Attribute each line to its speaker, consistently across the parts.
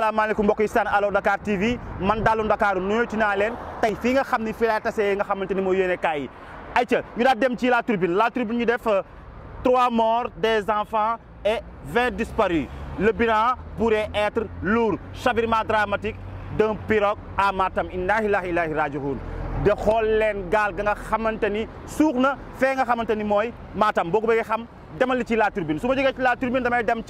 Speaker 1: asalaamaaleykum mbokk yi staan Dakar TV man Dalu dakar nuyooti naa leen tey fii nga xamni fi la laa nga xamanteni yene kay ay tia ñu da dem ci la tribune la tribune ñu def euh, trois morts des enfants et 20 disparus le bilan pourrait être lourd chavirement dramatique d'un pirogue à Matam inna lillahi wa inna de xol len gal nga xamanteni ni fe nga xamanteni moy Matam boo de xam demal ci la tribune su ma ci la tribune damay dem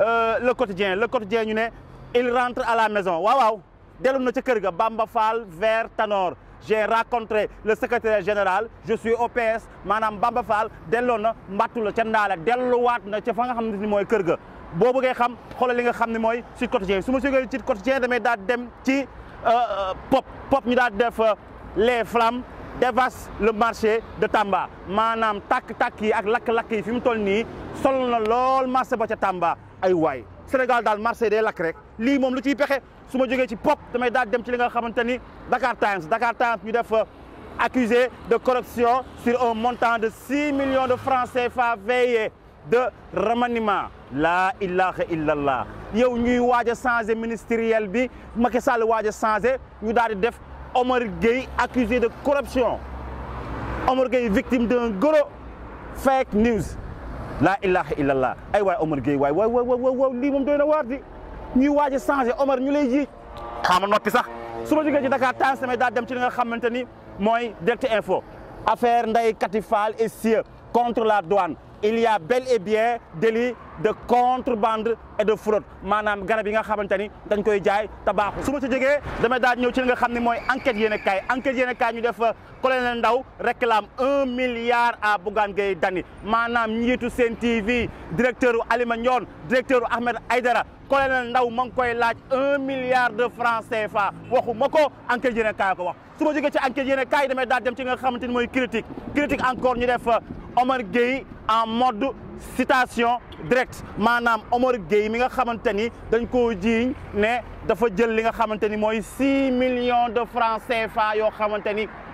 Speaker 1: euh, le quotidien le quotidien ñu ne il rentre à la maison waaw waaw dellu na ca ga Bamba Fall vers Tanor j'ai rencontré le secrétaire général je suis au PS. Madame Bamba Fall delloo na mbattu la ca ndaala delluwaat na ca fa nga xam ne mooy ga boo bëggee xam xoolal li nga xam ne mooy Sud Quotidien su Sud damay daal dem ci euh, euh, pop pop ñu daal def euh, les flammes dévaste le marché de Tamba Manam Tak Taki, yi ak lak lak yi fim mu toll nii sol na lool marché ba ca Tamba ay way Sénégal daal marché day lakk rek lii moom lu ciy pexé suma joggé ci pop damay dal dem ci li nga xamante Dakar Times Dakar Times ñu def euh, accusé de corruption sur un montant de 6 millions de francs CFA veillés de remaniement La ilaha illallah yow ñuy waaj changer ministériel bi Macky Sall waaj changer ñu dal def Omar Gueye accusé de corruption Omar Gueye victime d'un gros fake news laa ilaha illallah ay waay Omar Gueye waay waay waay waay lii moom doy na waar di ñuy waaj a changé Omar ñu lay ji xaama noppi sax su ma jógee ci Dakar temps semaine daa dem ci li nga xamante ni mooy direct info affaire Ndeye Kati Fall et Sieu contre la douane il y a bel et bien délit de contrebande et de fraude Manam garab yi nga xamante dañ koy jaay te baaxul su ma ci jógee damay daal ñew ci nga xamni moy enquête yéen kaay enquête yéen kaay ñu def euh, colonel Ndaw réclame 1 milliard à Bougane Gueye Dany maanaam njiitu Sen TV directeur u Alima Ndione directeur Ahmed Aidara colonel Ndaw mang koy laaj 1 milliard de francs CFA waxumako enquête yéen kaay ko wax Suma ma ci enquête yéen kaay damay daal dem ci nga xamante moy critique critique encore ñu def euh, Omar Gueye en mode citation directe Mme Omar Gueye mi nga dañ ne dafa jël li nga millions de francs CFA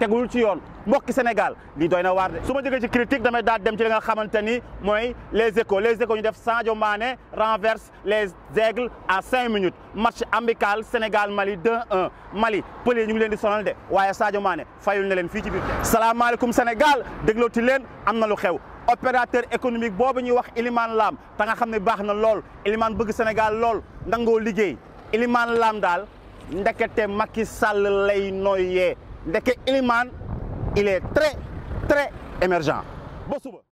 Speaker 1: tegul ci yoon mbokki Sénégal lii doy na de suma ma ci critique damay daal dem ci li nga xamanteni moy les échos les échos ñu def Sadio Mané renverse les aigles à cinq minutes match amical Sénégal Mali 2-1 Mali pelé ñu ngi leen di sonal de waye Sadio Mané fayul na leen fi ci biir salaamaaleykum Sénégal ti leen amna lu xew opérateur économique boobu ñu wax Iliman Lam ta nga xamné baxna lool Iliman bëgg Sénégal lool nangoo liggéey Iliman Lam daal ndekete Macky Sall lay noyé est que il est très très émergent Bonsoir.